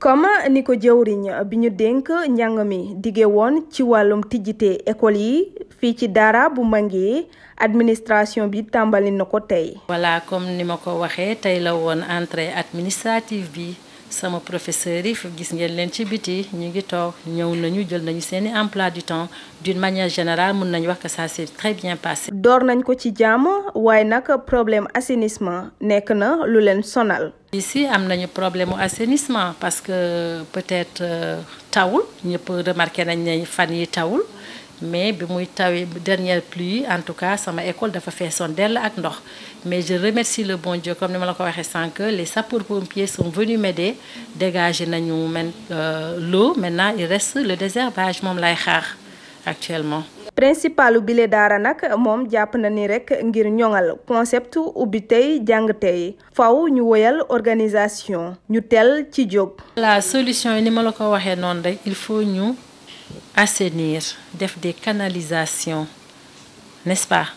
comme ni ko jëwriñ bi ñu dénk njàng mi diggee woon ci wàllum tijjite école yi fii ci daara bu mag Mangi administration bi tàmbali na ko tey. voilà comme ni ma ko waxee tey la woon entrée administrative bi sama professeur yi fi gis ngeen leen ci biti ñu ngi toog ñëw nañu jël nañu seeni emploi du temps d'une manière générale mun nañu wax que ça s'est très bien passé. door nañ ko ci jàmm waaye nag problème assainissement nekk na lu leen sonal. ici am nañu problème mu assainissement parce que peut-être euh, tawul ñëpp remarqué nañ ne fan yi tawul mais bi muy tawee dernière pluie en tout cas sama école dafa feesoon dell ak ndox mais je remercie le bon Dieu comme ni ma la ko waxee sànq les sapeurs-pompiers sont venus m'aider dégager nañu men euh, l'eau maintenant il reste le désherbage moom lay xaar actuellement principalu bile daara nag moom jàpp na ni rek ngir ñoŋal concept ubbi tey jàng tey faw ñu woyal organisation ñu tel ci jóg. la solution yi ni ma la ko waxee noonu rek il faut ñu assainir def des canalisation nest pas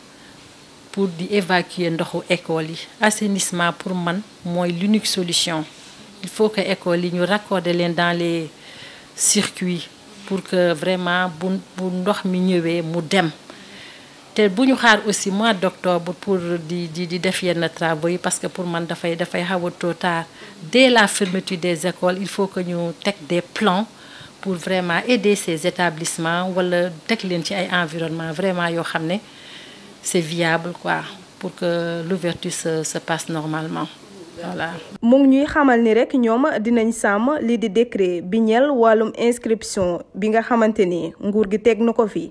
pour di évacuer ndoxu école yi assainissement pour man mooy l'unique solution il faut que école yi ñu raccorder leen dans les circuits. pour que vraiment bu bu ndox mi ñëwee mu dem te bu ñu xaar aussi mois d'octobre pour di di di def yenn travaux yi parce que pour man dafay dafay xaw a tôt tard dès la fermeture des écoles il faut que ñu teg des plans pour vraiment aider ces établissements wala teg leen ci ay environnement vraiment yoo xam ne c'est viable quoi pour que l'ouverture se se passe normalement voilà. mu ñuy xamal ni rekk ñoom dinañ sàmm lii di décret bi ñeel wàllum inscription bi nga xamante ni nguur gi teg na ko fii